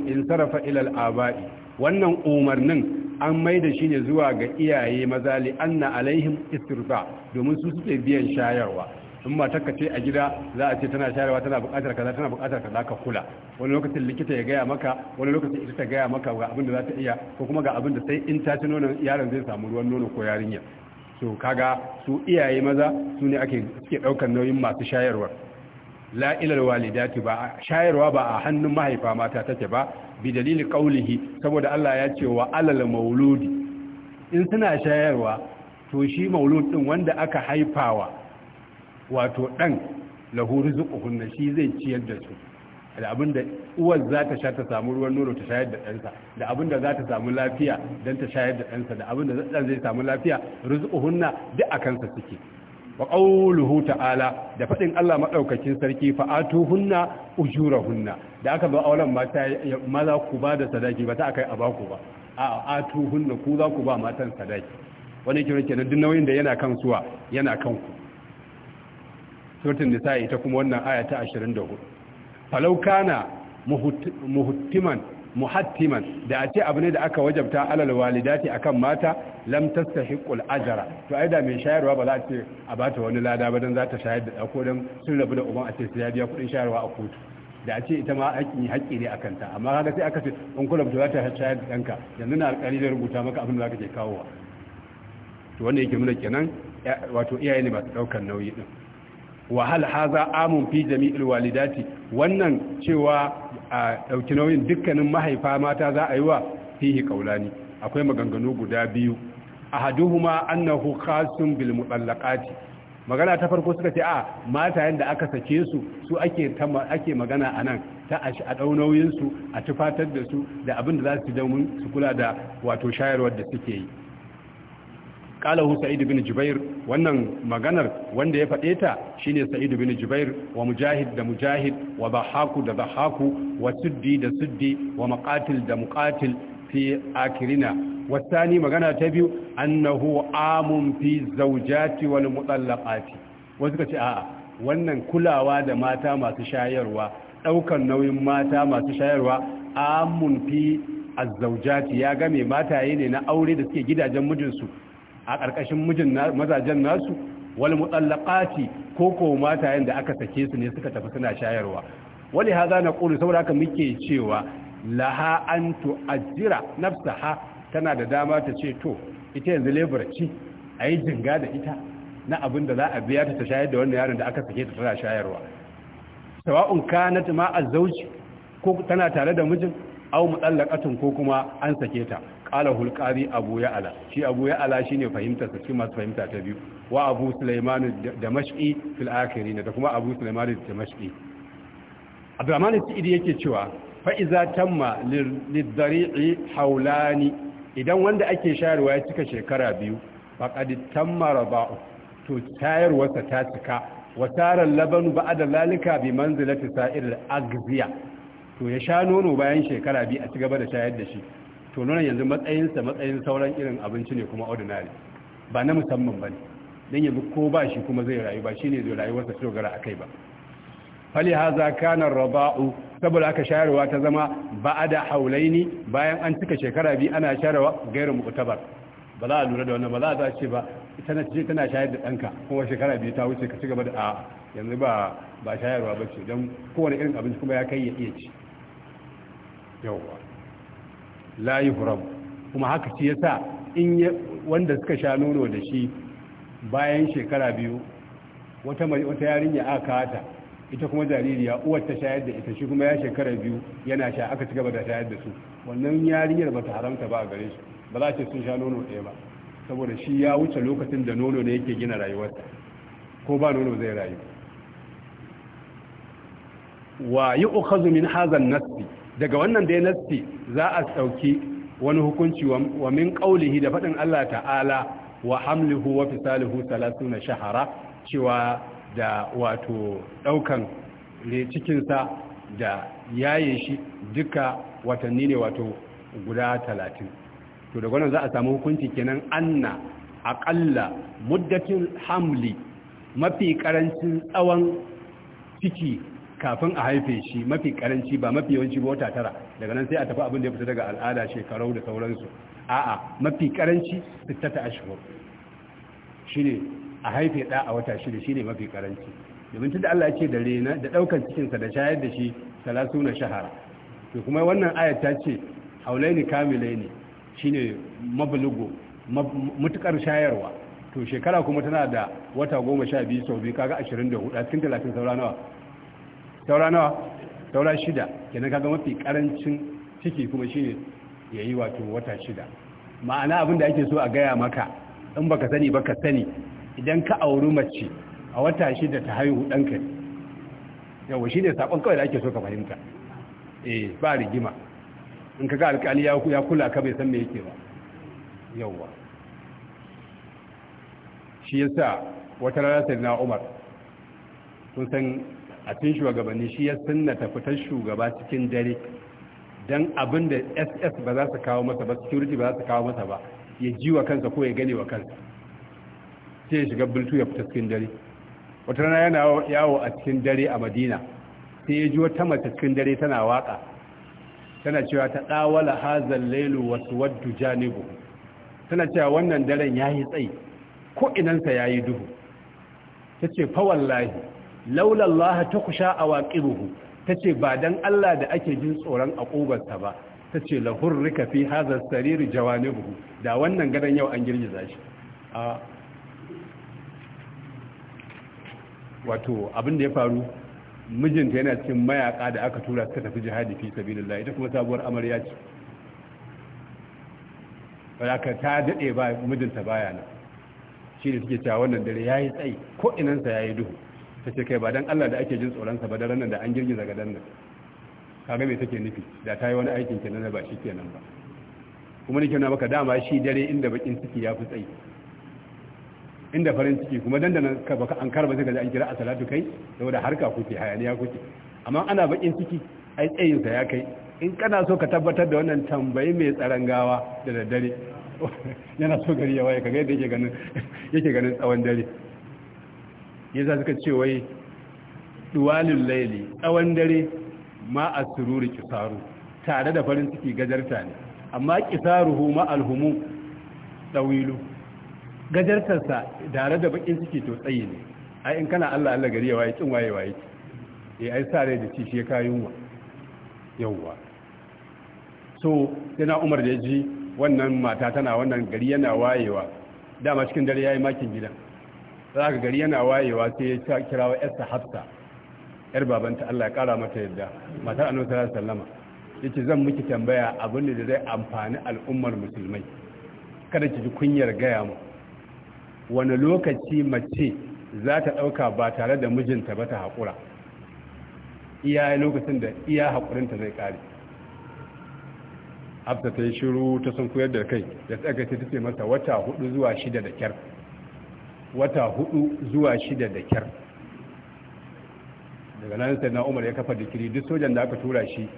in sarafa ilal al wannan umarnin an mai da shi ne zuwa ga iyaye mazali, anna alaihim istirfa domin su suke biyan shayarwa in matarka ce a gida za a ce tana sharewa tana buƙatar kaza tana buƙatar kaza ka kula wani lokacin likita ya gaya maka wani lokacin ita ta gaya maka ga abin da za ta iya ko kuma ga abin da sai in ta ci nonon yaron zai samu ruwan nono ko yarinya so kaga su iyaye maza su ne ake suke ɗaukar nauyin masu shayarwa la'ilar walidati ba shayarwa ba a hannun mahaifa mata take ba bi dalili qaulihi saboda Allah ya ce wa alal mauludi in suna shayarwa to shi maulud din wanda aka haifawa wato ɗan lahuri hunna shi zai ciyar da su da abin da uwar za ta sha ta samu ruwan nono ta shayar da ɗansa da abin da za ta samu lafiya don ta shayar da ɗansa da abin ɗan zai samu lafiya hunna duk a kansa suke wa ƙauluhu ta'ala da faɗin Allah maɗaukakin sarki hunna ujura hunna da aka ba auren mata maza ku ba da sadaki ba ta yi a baku ba a hunna ku za ku ba matan sadaki wani kiran kenan duk nauyin da yana kan suwa yana kan ku suratul nisa ta kuma wannan aya ta 24 falau kana muhuttiman muhattiman da a ce abu ne da aka wajabta alal walidati akan mata lam tastahiqul ajra to ai da mai shayarwa ba za a ce a bata wani lada ba dan za ta shayar da ko dan sun rabu da uban ace sai ya biya kudin shayarwa a kotu da a ita ma ne haƙi ne akan ta amma kaga sai aka ce in kula ba za ta shayar da danka yanzu na alƙali da rubuta maka abin da zaka je kawowa to wannan yake nuna kenan wato iyaye ne ba su daukar nauyi din wa hal haza amun fi jami'il walidati wannan cewa a dauki nauyin dukkanin mahaifa mata za a yi wa fihi ƙaulani. akwai maganganu guda biyu ahaduhuma annahu khasun bil mutallaqati magana ta farko suka ce a mata yanda aka sake su su ake ake magana anan ta a dau nauyin su a tufatar da su da abin da za su domin su kula da wato shayarwar da suke yi qalahu sa'id bin jubair wannan maganar wanda ya faɗe ta shine sa'id bin jubair wa mujahid da mujahid wa dhahaku da Bahaku, wa suddi da suddi wa maqatil da muqatil fi akirina wasani magana ta biyu annahu amun fi zawjati wal mutallaqati wasu kace a'a wannan kulawa da mata masu shayarwa daukan nauyin mata masu shayarwa amun fi azzawjati ya game mataye ne na aure da suke gidajen mijinsu a ƙarƙashin mijin mazajen nasu wal mutallaqati ko ko mata da aka sake su ne suka tafi suna shayarwa wali hadha naqulu saboda haka muke cewa laha an tu'ajjira nafsaha tana da dama ta ce to ita yanzu lebarci ayi jinga da ita na abin da za a biya ta ta shayar da wannan yaron da aka sake ta tana shayarwa sawa'un kanat ma azzauji ko tana tare da mijin aw mutallaqatun ko kuma an sake ta kala hulƙari abu ya'ala shi abu ya'ala shine fahimtar sa masu fahimta ta biyu wa abu sulaiman damashqi fil akhirin da kuma abu da damashqi abdurrahman sa'idi yake cewa fa iza tamma lidari'i haulani idan wanda ake shayarwa ya cika shekara biyu faqad tamma raba'u to shayarwarsa ta cika wasarar labanu ba'da lalika bi manzilati sa'ir al-aghziya to ya sha nono bayan shekara biyu a cigaba da shayar da shi to nuna yanzu matsayinsa matsayin sauran irin abinci ne kuma ordinary ba na musamman ba ne don yanzu ko ba shi kuma zai rayu ba shi ne zai rayuwarsa wasa shogara a kai ba fali haza kanar raba'u saboda aka shayarwa ta zama ba a da haulaini bayan an cika shekara biyu ana shayarwa gairu mu'tabar ba za a lura da wannan ba za a ce ba na ce tana shayar da ɗanka kuma shekara biyu ta wuce ka ci gaba da a yanzu ba ba shayarwa ba ce don kowane irin abinci kuma ya kai ya iya ci yawwa la yuhram kuma haka shi yasa in wanda suka sha nono da shi bayan shekara biyu wata wata yarinya aka kata ita kuma jaririya uwar ta shayar da ita shi kuma ya shekara biyu yana sha aka cigaba da shayar da su wannan yarinyar ba ta haramta ba a gare shi ba za ce sun sha nono ɗaya ba saboda shi ya wuce lokacin da nono ne yake gina rayuwarsa ko ba nono zai rayu wa yi min hazan nasi daga wannan dai nasti za a sauki wani hukunci wa min qaulihi da fadin Allah ta'ala wa Hamluhu wa fisaluhu 30 shahara cewa da wato daukan cikin sa da yaye shi duka watanni ne wato guda 30 to daga wannan za a samu hukunci kenan anna aqalla muddakin hamli mafi karancin tsawon ciki kafin a haife shi mafi karanci ba mafi yawanci ba wata tara daga nan sai a tafi abin da ya fita daga al'ada shekarau da sauransu a'a mafi karanci sittata shi ne a haife ɗa a wata shida ne mafi karanci domin tunda Allah ce da rena da ɗaukar cikinsa da shayar da shi na shahara to kuma wannan ayat ta ce haulaini kamilaini ne mabalugo mutukar shayarwa to shekara kuma tana da wata goma sha biyu sau biyu kaga ashirin da hudu a cikin talatin saura nawa taura nawa taura shida kenan kaga mafi karancin ciki kuma shine yayi wato wata shida ma'ana abin ake so a gaya maka in baka sani baka sani idan ka auri mace a wata shida ta haihu ɗanka yawa shi ne kawai da ake so ka fahimta eh ba rigima in ka ga alƙali ya kula ka bai san me yake ba yawa shi yasa wata rana sai na umar kun san a cikin shugabanni shi ya sunnata fitar shugaba cikin dare don abin da ss ba za su kawo masa ba security ba za su kawo masa ba ya ji wa kansa ko ya gani wa kansa sai ya shiga bultu ya fita cikin dare wata rana yana yawo a cikin dare a madina sai ya ji wata mace cikin dare tana waka tana cewa ta dawala hazal lailu wasu waddu janibu tana cewa wannan daren ya yi tsayi ko inansa yayi duhu tace fa wallahi laulallaha ta kusha a waƙi ruhu ta ce ba don Allah da ake jin tsoron a ƙobarta ba ta ce lahur rika fi hazar sariri ruhu da wannan gadon yau an girgiza shi a wato abin ya faru mijinta yana cikin mayaka da aka tura suka tafi jihadi fi sabilillah ita kuma sabuwar amarya ce ba ta daɗe ba mijinta baya nan shi ne suke cewa wannan dare ya yi tsayi ko inansa ya yi duhu ta ce kai ba dan Allah da ake jin tsoronsa ba da nan da an girgiza ga dan nan kaga me take nufi da ta yi wani aikin kenan ba shi kenan ba kuma nake na maka dama shi dare inda bakin ciki ya fi tsayi inda farin ciki kuma dandanan ka baka an karba ka ji an kira asalatu kai saboda harka kuke hayaniya kuke amma ana bakin ciki ai tsayin sa ya kai in kana so ka tabbatar da wannan tambayi mai tsaron gawa da daddare yana so gari ya waye kaga yadda yake ganin yake ganin tsawon dare yasa suka ce wai duwalin laili tsawon dare ma a sururi kisaru tare da farin ciki gajarta ne amma hu ma alhumu tsawilu gajartarsa tare da bakin ciki to tsayi ne ai in kana Allah Allah gari ya waye kin waye waye eh ai sare da ci shi kayun wa yawwa so yana Umar da ji wannan mata tana wannan gari yana wayewa dama cikin dare ya yi makin gidan za ka gari yana wayewa sai ya kira wa yarsa hafsa yar babanta Allah ya kara mata yadda matar annabi sallallahu alaihi wasallama yace zan miki tambaya abin da zai amfani al'ummar musulmai kada ki ji kunyar gaya mu wani lokaci mace za ta ɗauka ba tare da mijinta ba ta haƙura iya lokacin da iya haƙurinta zai kare hafsa ta yi shiru ta sun koyar da kai da tsagace ta ce masa wata hudu zuwa shida da kyar wata hudu zuwa shida da kyar daga nan sai na umar ya kafa dikiri duk sojan da aka tura shi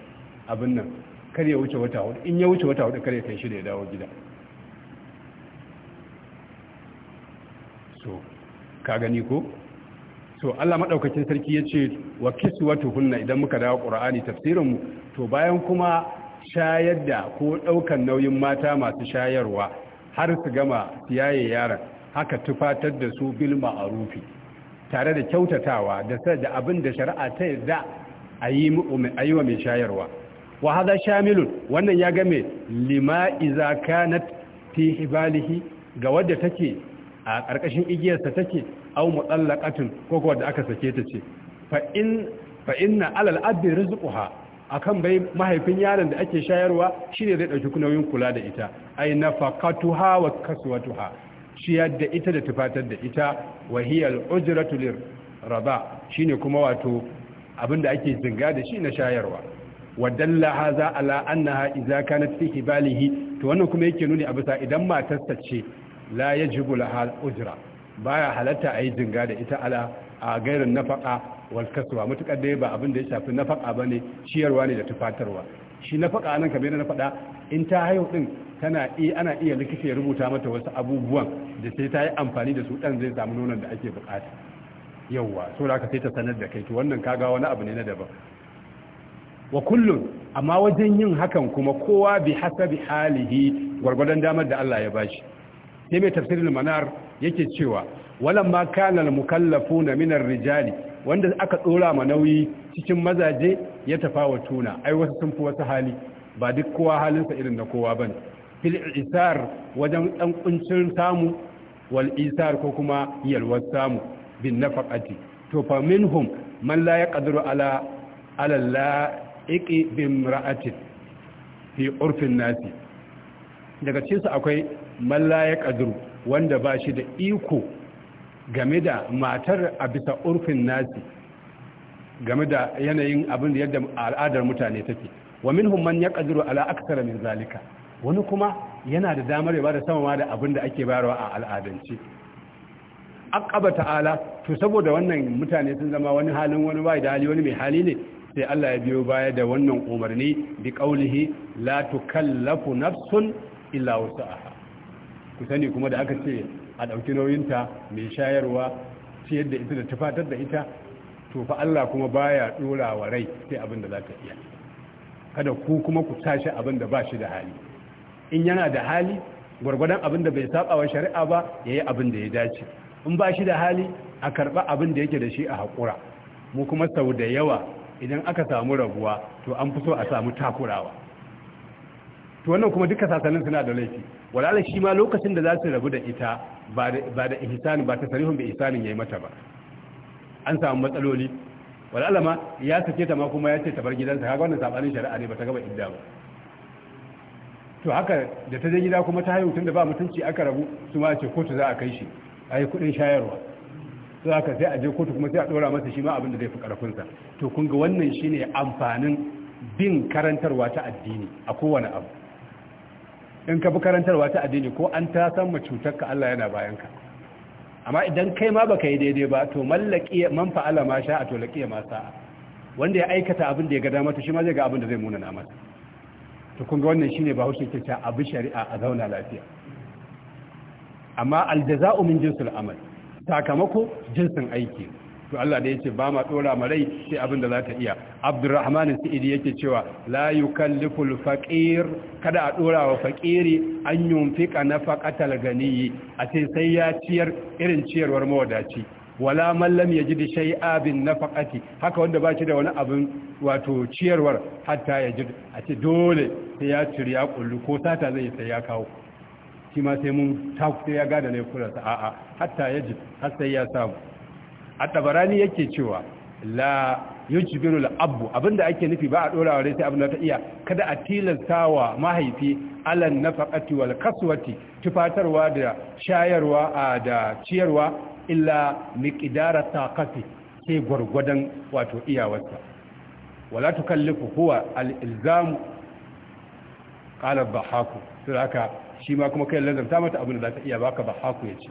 abin nan kar ya wuce wata hudu in ya wuce wata hudu kar ya kai shida ya dawo gida so ka gani ko so Allah madaukakin sarki ya ce wa kiswatuhunna idan muka dawo qur'ani tafsirin mu to bayan kuma shayar da ko daukan nauyin mata masu shayarwa har su gama yaye yaran haka tufatar da su bil ma'arufi tare da kyautatawa da sai da abin da shari'a ta yarda a yi wa mai shayarwa wa hada shamilun wannan ya game lima iza kanat fi hibalihi ga wadda take a ƙarƙashin igiyarsa take au mutsallaqatun ko ko da aka sake ta ce fa in fa inna alal abdi rizquha akan bai mahaifin yaron da ake shayarwa shine zai dauki nauyin kula da ita ay nafaqatuha wa kaswatuha ciyar da ita da tufatar da ita wa hiya al-ujratu shine kuma wato abinda ake zinga da shi na shayarwa wa dalla hadha ala annaha idza kanat fi hibalihi to wannan kuma yake nuni a bisa idan matar ta ce la yajibu laha ujira. ujra baya halatta ayi zinga da ita ala a gairin nafaka wal kaswa da dai ba abin da ya shafi nafaka bane ciyarwa ne da tufatarwa shi nafaka nan kamar na faɗa in ta haihu ɗin. tana iya ana iya likita ya rubuta mata wasu abubuwan da sai ta yi amfani da su dan zai samu nonon da ake bukata yawwa so da ka sai ta sanar da kai to wannan kaga wani abu ne na daban wa kullun amma wajen yin hakan kuma kowa bi hasabi halihi gwargwadon damar da Allah ya bashi sai mai tafsirin manar yake cewa walan ma kana al-mukallafuna min ar-rijali wanda aka dora ma nauyi cikin mazaje ya tafawa tuna ai wasu sun fi wasu hali ba duk kowa halinsa irin na kowa bane fil isar wajen ɗan ƙuncin samu wal isar ko kuma yalwar samu bin nafaqati to fa minhum man la yaqdiru ala ala la iqi fi urfin nasi daga cikin akwai man la yaqdiru wanda ba shi da iko game da matar a bisa urfin nasi game da yanayin abin da yadda al'adar mutane take wa minhum man yaqdiru ala aksara min zalika wani kuma yana da damar ya bada sama ma da abin da ake bayarwa a al'adance aqaba ta'ala to saboda wannan mutane sun zama wani halin wani bai da hali wani mai hali ne sai Allah ya biyo baya da wannan umarni bi qaulihi la tukallafu nafsun illa wus'aha ku sani kuma da aka ce a dauki nauyinta mai shayarwa ciyar yadda ita da tufatar da ita to fa Allah kuma baya dora wa rai sai abin da za ta iya kada ku kuma ku tashi abin da ba shi da hali in yana da hali gwargwadon abin da bai saba wa shari'a ba ya yi abin da ya dace in ba shi da hali a karɓa abin da yake da shi a haƙura mu kuma sau da yawa idan aka samu rabuwa to an fi so a samu takurawa to wannan kuma duka sasannin suna da laifi walala shi ma lokacin da za su rabu da ita ba da ihsani ba ta sarihun bi ihsanin yi mata ba an samu matsaloli walala ma ya sake ta ma kuma ya ce ta bar gidansa kaga wannan sabanin shari'a ne ba ta gaba idda ba to haka da ta je gida kuma ta haihu tunda ba mutunci aka rabu su ma ce kotu za a kai shi a yi kuɗin shayarwa to haka sai a je kotu kuma sai a dora masa shi ma abin da zai fi karfinsa to kun ga wannan shi ne amfanin bin karantarwa ta addini a kowane abu in ka bi karantarwa ta addini ko an ta san ma cutar ka Allah yana bayan ka. amma idan kai ma baka yi daidai ba to mallaki man fa'ala ma sha'a to laqiya ma sa'a wanda ya aikata abin da ya ga dama to shi ma zai ga abin da zai munana masa to kun ga wannan shine bahaushe ke ta abu shari'a a zauna lafiya amma aljaza'u min jinsul amal sakamako jinsin aiki to Allah da yace ba ma ɗora ma rai sai abin da za ta iya Abdurrahman Sa'idi yake cewa la yukallifu faqir kada a dora wa faqiri an yunfika nafaqatal ganiyi a sai sai ya ciyar irin ciyarwar mawadaci wala man da shai shay'a bin nafaqati haka wanda ba shi da wani abin wato ciyarwar hatta yajid a ce dole sai ya ciri ya kullu ko sata zai sai ya kawo shi ma sai mun ta sai ya gada ne kula sa a'a hatta yajid har sai ya samu a tabarani yake cewa la yujbiru al-abu abinda ake nufi ba a dorawa dai sai abin da ta iya kada a tilasta wa mahaifi alan nafaqati wal kaswati tufatarwa da shayarwa da ciyarwa illa miqdara taqati sai gwargwadon wato iyawarsa wala tukallifu huwa al-ilzam qala bahaku saboda shi ma kuma kai lazarta mata abin da za ta iya baka bahaku yace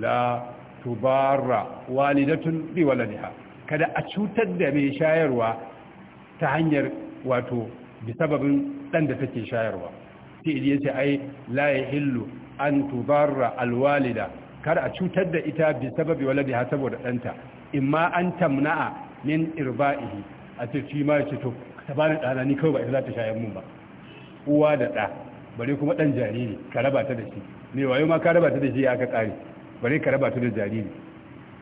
la tubarra walidatun bi waladiha kada a cutar da mai shayarwa ta hanyar wato bi sababin ɗan da take shayarwa sai yace ai la hillu an tubarra alwalida kar a cutar da ita bi sababi waladiha saboda ɗanta imma an tamna'a min irba'ihi a ce shi ma ce to ta bani ɗana ni kawai ba ita za ta shayar mun ba uwa da ɗa bare kuma ɗan jariri ka raba ta da shi me wayo ma ka raba ta da shi aka ƙare bare ka raba ta da jariri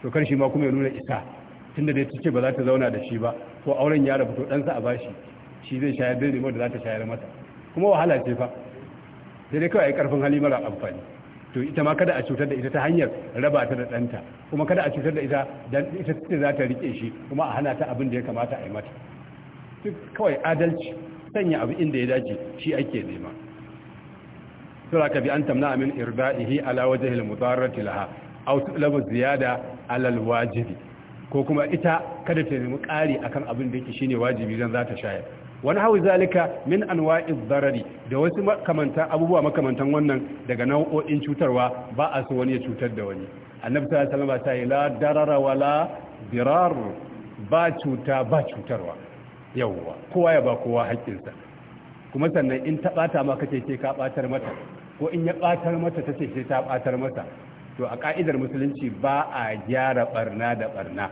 to kar shi ma kuma ya nuna isa tunda dai ta ce ba za ta zauna da shi ba ko auren ya rabu to ɗansa a bashi shi zai shayar da limar da za ta shayar mata kuma wahala ce fa sai dai kawai karfin hali mara amfani to ita ma kada a cutar da ita ta hanyar raba ta da ɗanta kuma kada a cutar da ita dan ita ce za ta rike shi kuma a hana ta abin da ya kamata a yi mata duk kawai adalci sanya abu inda ya dace shi ake nema sura ka bi an tamna amin irba'ihi ala wajhil mudarrati laha aw talabu ziyada ala alwajibi ko kuma ita kada ta nemi ƙari akan abin da yake shine wajibi dan za ta shayar wani hawi zalika min anwa'iz zarari da wasu makamantan abubuwa makamantan wannan daga nau'o'in cutarwa ba a so wani ya cutar da wani annabi sallallahu alaihi wasallam ta yi la darara wala birar ba cuta ba cutarwa yawwa kowa ya ba kowa haƙƙinsa kuma sannan in ta ɓata maka ce ka ɓatar mata ko in ya ɓatar mata ta ce ta ɓatar mata to a ƙa'idar musulunci ba a gyara ɓarna da ɓarna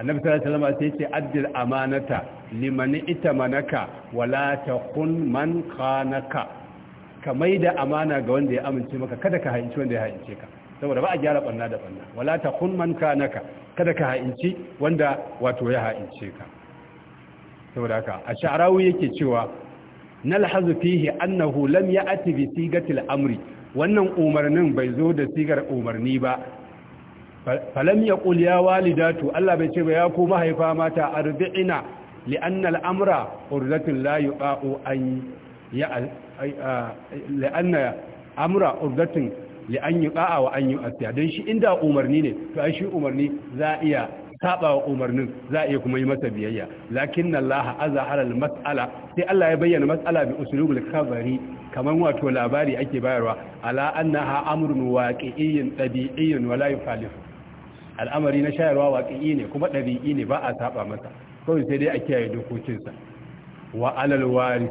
annabi sallallahu alaihi wasallam sai ce addil amanata liman itamanaka wala taqun man khanaka ka maida amana ga wanda ya amince maka kada ka haince wanda ya haince ka saboda ba a gyara banna da banna wala taqun man khanaka kada ka haince wanda wato ya haince ka saboda haka a sha'rawi yake cewa nalhazu fihi annahu lam ya'ti bi sigatil amri wannan umarnin bai zo da sigar umarni ba falam ya ƙul ya walidatu Allah bai ce ba ya ko haifa mata arzi'ina li'anna al'amra urzatin la yuqa'u an ya li'anna amra urzatin li'an yuqa'a wa an yu'tiya dan shi inda umarni ne to ai shi umarni za iya saba wa umarnin za iya kuma yi masa biyayya lakinna Allah azhara al-mas'ala sai Allah ya bayyana mas'ala bi usulul kabari Kamar wato labari ake bayarwa ala annaha amrun waqi'iyyin tabi'iyyin wala yufalifu al'amari na shayarwa waƙi'i ne kuma ɗari'i ne ba a saba masa kawai sai dai a kiyaye dokokinsa wa alalwari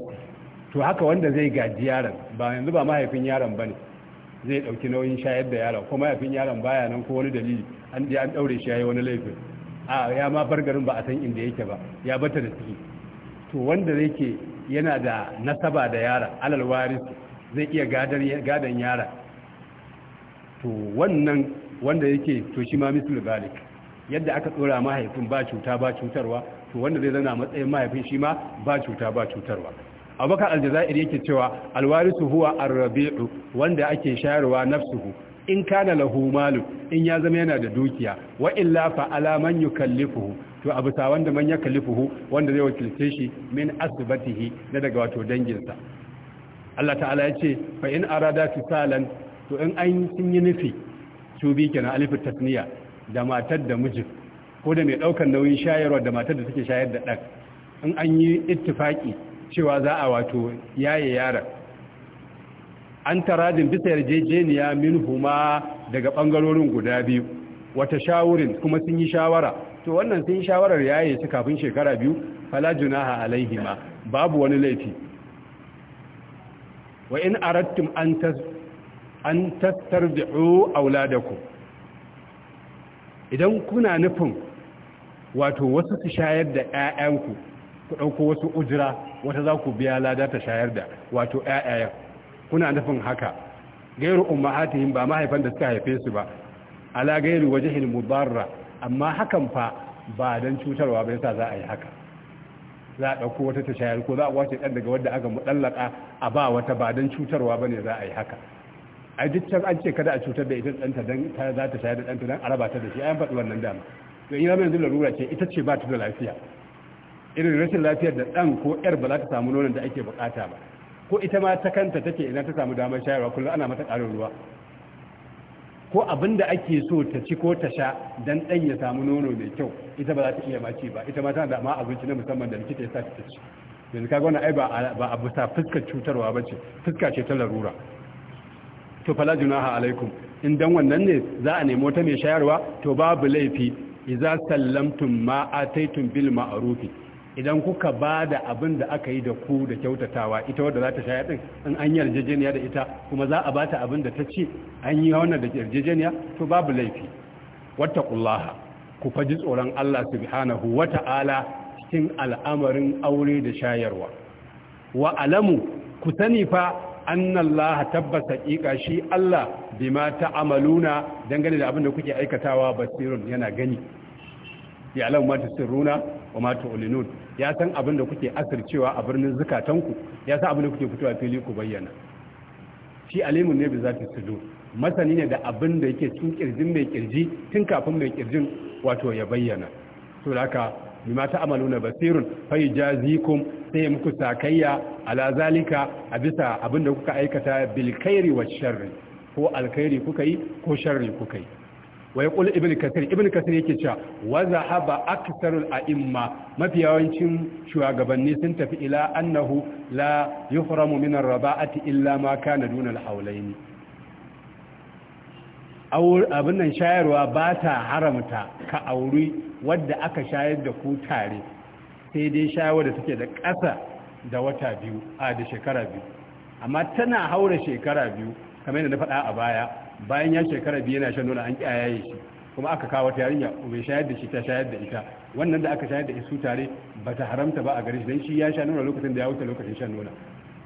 to haka wanda zai gaji yaron ba yanzu ba mahaifin yaron ba ne zai ɗauki nauyin shayar da yaron ko mahaifin yaron baya nan ko wani dalili an je an ɗaure shi yi wani laifin a ya ma bar garin ba a san inda yake ba ya bata da ciki to wanda yake yana da nasaba da yara alal zai iya gadon yara to wannan wanda yake to shi ma mislu zalik yadda aka tsora mahaifin ba cuta ba cutarwa to wanda zai zana matsayin mahaifin shi ma ba cuta ba cutarwa abubakar aljazair yake cewa alwarisu huwa arrabi'u wanda ake shayarwa nafsuhu in kana lahu malu in ya zama yana da dukiya wa illa fa ala man yukallifuhu to abu ta wanda man yukallifuhu wanda zai wakilce shi min asbatihi na daga wato danginsa Allah ta'ala ya ce fa in arada fisalan to in an sun yi nufi su bi kenan alifu tasniya da matar da mijin ko da mai daukar nauyin shayarwa da matar da suke shayar da ɗan in an yi ittifaki cewa za a wato yaye yaran an taradin bisa yarjejeniya min huma daga ɓangarorin guda biyu wata shawurin kuma sun yi shawara to wannan sun yi shawarar yaye su kafin shekara biyu fala junaha alaihima babu wani laifi wa in arattum an an da tattarbi'u ku. idan kuna nufin wato wasu su shayar da 'ya'yanku ku ɗauko wasu ujira wata za ku biya lada ta shayar da wato ƴaƴayen kuna nufin haka gairu ummahatihim ba mahaifan da suka haife su ba ala gairu wajhil mudarra amma hakan fa ba dan cutarwa ba yasa za a yi haka za a ɗauko wata ta shayar ko za a wace ɗan daga wadda aka muɗallaka a ba wata ba don cutarwa ba ne za a yi haka a duk can an ce kada a cutar da ita ɗanta don ta za ta shayar da ɗanta don a raba ta da shi ayan faɗi wannan dama to ina mai larura ce ita ce ba ta da lafiya irin rashin lafiyar da ɗan ko ƴar ba za ta samu nonon da ake buƙata ba ko ita ma ta kanta take idan ta samu damar shayarwa kullum ana mata ƙarin ruwa ko abin da ake so ta ci ko ta sha don ɗan ya samu nono mai kyau ita ba za ta iya maci ba ita ma tana da ma abinci na musamman da likita ya sa ta ci yanzu kaga wannan ai ba a bisa fuskar cutarwa ba ce fuska ce ta larura to fala junaha alaikum in dan wannan ne za a nemo ta mai shayarwa to babu laifi idza sallamtum ma ataitum bil ma'ruf idan kuka bada abin da aka yi da ku da kyautatawa ita wadda za ta shayar din in an yarjejeniya da ita kuma za a bata abin da ta ce an yi wannan da yarjejeniya to babu laifi wattaqullaha ku faji tsoron Allah subhanahu wata'ala cikin al'amarin aure da shayarwa wa alamu ku sani fa Allah tabbas haqiqa shi Allah bima amaluna dangane da abin da kuke aikatawa basirun yana gani ya alam ma tusirruna wa ma tu'linun ya san abin da kuke asircewa a birnin zukatanku ya san abin da kuke fitowa fili ku bayyana shi alimun ne bi zati sudu masani ne da abin da yake cikin kirjin mai kirji tun kafin mai kirjin wato ya bayyana to haka bima na basirun fa yajazikum sai muku sakayya ala zalika a bisa abinda kuka aikata bil khairi sharri ko alkhairi kuka yi ko sharri kuka yi wai kul ibn kasir ibn kasir yake cewa wa zahaba aktharul a'imma mafi yawancin shugabanni sun tafi ila annahu la yuhramu min ar-raba'ati illa ma kana duna al-hawlayn abin nan shayarwa ba ta haramta ka auri wadda aka shayar da ku tare sai dai shayarwa da take da ƙasa da wata biyu a da shekara biyu amma tana haura shekara biyu kamar yadda na faɗa a baya bayan ya shekara biyu yana shan nono an ƙiyaye shi kuma aka kawo ta yarinya mai shayar da shi ta shayar da ita wannan da aka shayar da su tare ba ta haramta ba a gare shi don shi ya sha nuna lokacin da ya wuce lokacin shan nuna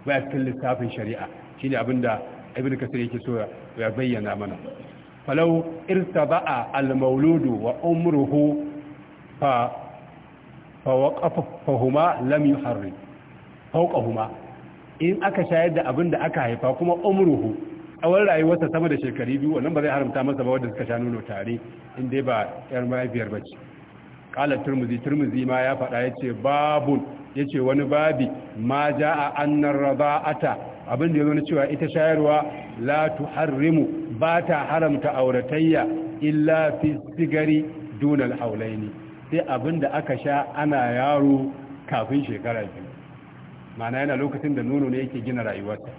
ya cikin lissafin shari'a shine abin da ibn kasir yake so ya bayyana mana falau irtaba'a al-mauludu wa umruhu fa fahuma lam yuharrim fauƙahuma in aka shayar da abin da aka haifa kuma umruhu tsawon rayuwarsa sama da shekaru biyu wannan ba zai haramta masa ba wanda suka sha nuna tare in dai ba yar mahaifiyar bace ƙalar turmuzi turmuzi ma ya faɗa yace babun yace wani babi ma ja a annar ata. abin da ya zama cewa ita shayarwa la harrimu ba ta haramta auratayya illa fi sigari dunal haulaini sai abin da aka sha ana yaro kafin shekara biyu ma'ana yana lokacin da nono ne yake gina rayuwarsa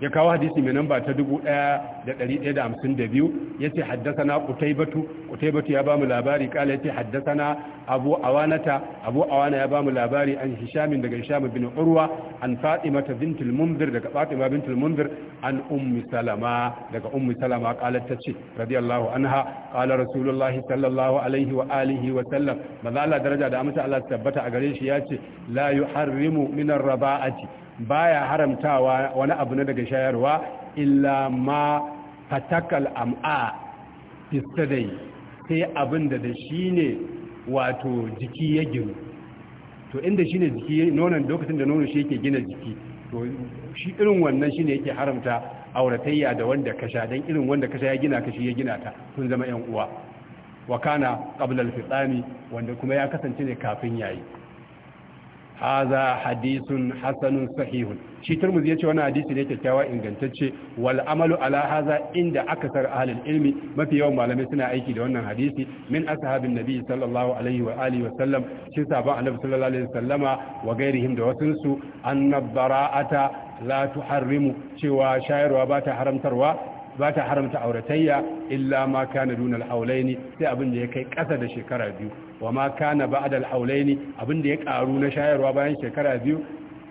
ya kawo hadisi mai namba ta 1152 yace haddathana kutaibatu kutaibatu ya bamu labari kala ya haddasa na abu awanata abu awana ya bamu labari an hishamin daga hishamin bin urwa an fatima bint bintul munzir daga fatima bintul al-munzir an ummi salama daga ummi salama kala ce radiyallahu anha kala rasulullah sallallahu alaihi wa alihi wa sallam mazala daraja da amsa Allah tabbata a gare shi ce la yuharrimu min ar-raba'ati baya haramtawa wani abu na daga shayarwa illa ma fatakal am'a fistadai sai abin da da shi ne wato jiki ya ginu to inda shi ne jiki nonon lokacin da nono shi yake gina jiki to shi irin wannan shi ne yake haramta auratayya da wanda kasha don irin wanda kasha ya gina kashi ya gina ta sun zama yan uwa wa kana qabla al-fitami wanda kuma ya kasance ne kafin yayi haza hadisun hasanun sahihun shi turmuzi yace wani hadisi ne kyakkyawa ingantacce wal amalu ala haza inda akasar ahlul ilmi mafi yawan malamai suna aiki da wannan hadisi min ashabin nabi sallallahu alaihi wa alihi wa sallam shi sahabban annabi sallallahu alaihi wa sallama wa gairihim da wasun su annabbara'ata la tuharrimu cewa shayarwa ba ta haramtarwa ba ta haramta auratayya illa ma kana dunal haulaini sai abin da ya kai kasa da shekara biyu wa ma kana ba'da al abin abinda ya karu na shayarwa bayan shekara biyu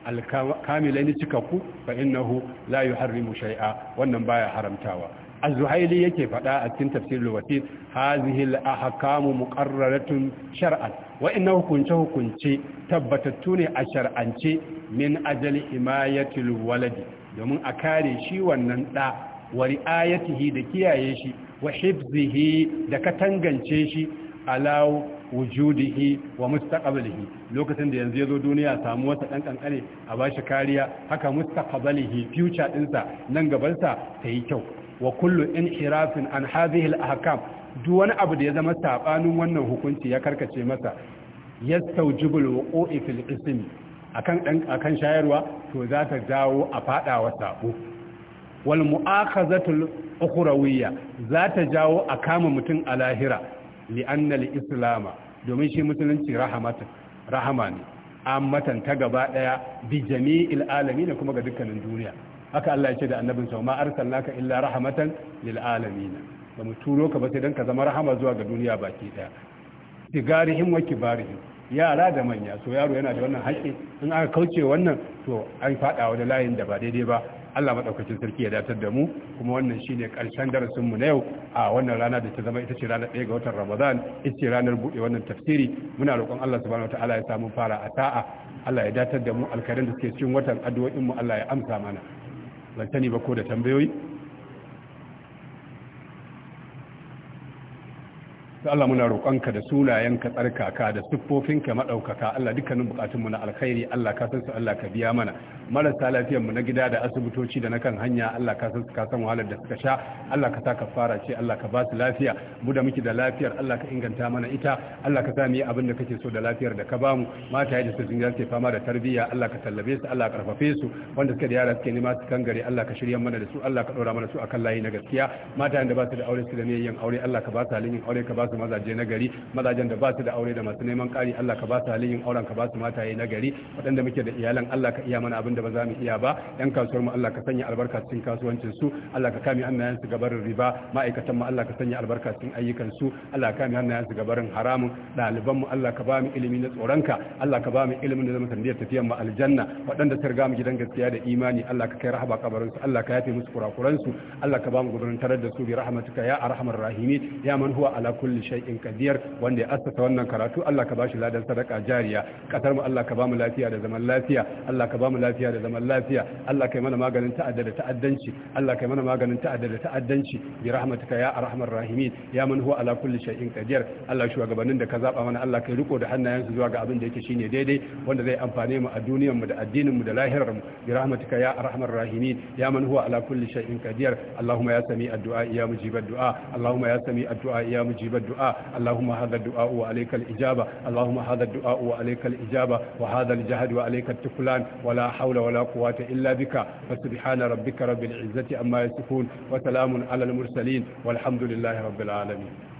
al-kamilaini cikakku fa innahu la yuharrimu shay'a wannan baya haramtawa az-zuhaili yake fada a cikin tafsirul wasit hazihi al-ahkamu muqarraratun shar'an wa innahu kunce hukunce tabbatattu ne a shar'ance min ajali himayatil waladi domin a kare shi wannan da wa ri'ayatihi da kiyaye shi wa hifzihi da katangance shi alau wujudihi wa mustaqbalihi lokacin da yanzu yazo duniya samu wata dan kankare a bashi kariya haka mustaqbalihi future dinsa nan gaban sa tayi kyau wa kullu inhirafin an hadhihi al-ahkam duk wani abu da ya zama sabanin wannan hukunci ya karkace masa yastawjibul wuqu'i fil ismi akan dan akan shayarwa to za ta jawo a fadawa sabo wal mu'akhazatul ukhrawiyya za ta jawo a kama mutum a lahira li'anna islama domin shi musulunci rahama ne ammatan ta gaba daya bi jami'il alamin kuma ga dukkanin duniya haka Allah ya ce da annabin ma arsalnaka illa rahmatan lil alamin ba mu turo ka ba sai dan ka zama rahama zuwa ga duniya baki daya sigarihim wa kibarihim yara da manya so yaro yana da wannan haƙƙi in aka kauce wannan to an faɗawa da layin da ba daidai ba Allah maɗaukacin sarki ya datar da mu kuma wannan shine karshen darasin mu na yau a wannan rana da ta zama ita ce ranar ɗaya ga watan Ramadan ita ce ranar buɗe wannan tafsiri muna roƙon Allah subhanahu wataala ya samu fara a ta'a Allah ya datar da mu alkarin da suke cikin watan addu'o'in mu Allah ya amsa mana ban sani ba ko da tambayoyi to Allah muna roƙonka da sunayenka tsarkaka da siffofinka maɗaukaka Allah dukkanin buƙatunmu na alkhairi Allah ka san su Allah ka biya mana marasa lafiyar na gida da asibitoci da na kan hanya Allah ka san su ka san wahalar da suka sha Allah ka saka fara ce Allah ka ba su lafiya mu da muke da lafiyar Allah ka inganta mana ita Allah ka sa mu yi abin da kake so da lafiyar da ka ba mu mata da su sun ke fama da tarbiyya Allah ka tallabe su Allah ka karfafe su wanda suka da yara suke nema su kan gari Allah ka shirya mana da su Allah ka ɗora mana su akan layi na gaskiya mata da ba su da aure su da ne yin aure Allah ka ba su halin yin aure ka ba ba su mazaje na gari mazajen da ba su da aure da masu neman ƙari Allah ka ba su halin yin auren ka ba su mataye na gari waɗanda muke da iyalan Allah ka iya mana abin da ba za mu iya ba yan kasuwar mu Allah ka sanya albarka cikin kasuwancin su Allah ka kame hannayen su gabarin riba ma'aikatan mu Allah ka sanya albarka cikin ayyukan su Allah ka kame hannayen su gabarin haramun ɗaliban mu Allah ka ba mu ilimi na tsoronka Allah ka ba mu ilimin da zama sandiyar tafiyar mu aljanna waɗanda ta riga mu gidan gaskiya da imani Allah ka kai rahaba kabarin su Allah ka yafe musu kurakuran su Allah ka ba mu gudurin tarar da su bi rahmatuka ya arhamar rahimin ya man huwa ala kulli kulli shay'in qadir wanda ya assasa wannan karatu Allah ka bashi ladan sadaka jariya kasar mu Allah ka bamu lafiya da zaman lafiya Allah ka bamu lafiya da zaman lafiya Allah kai mana maganin ta'adda da ta'addanci Allah kai mana maganin ta'adda da ta'addanci bi rahmatika ya arhamar rahimin ya man huwa ala kulli shay'in qadir Allah shugabannin da ka zaba mana Allah kai riko da hannayensu zuwa ga abin da yake shine daidai wanda zai amfane mu a duniyar mu da addinin mu da lahirar mu bi rahmatika ya arhamar rahimin ya man huwa ala kulli shay'in qadir Allahumma ya sami addu'a ya mujibad du'a Allahumma ya sami addu'a ya mujibad الدعاء اللهم هذا الدعاء وعليك الإجابة اللهم هذا الدعاء وعليك الإجابة وهذا الجهد وعليك التكلان ولا حول ولا قوة إلا بك فسبحان ربك رب العزة أما يصفون وسلام على المرسلين والحمد لله رب العالمين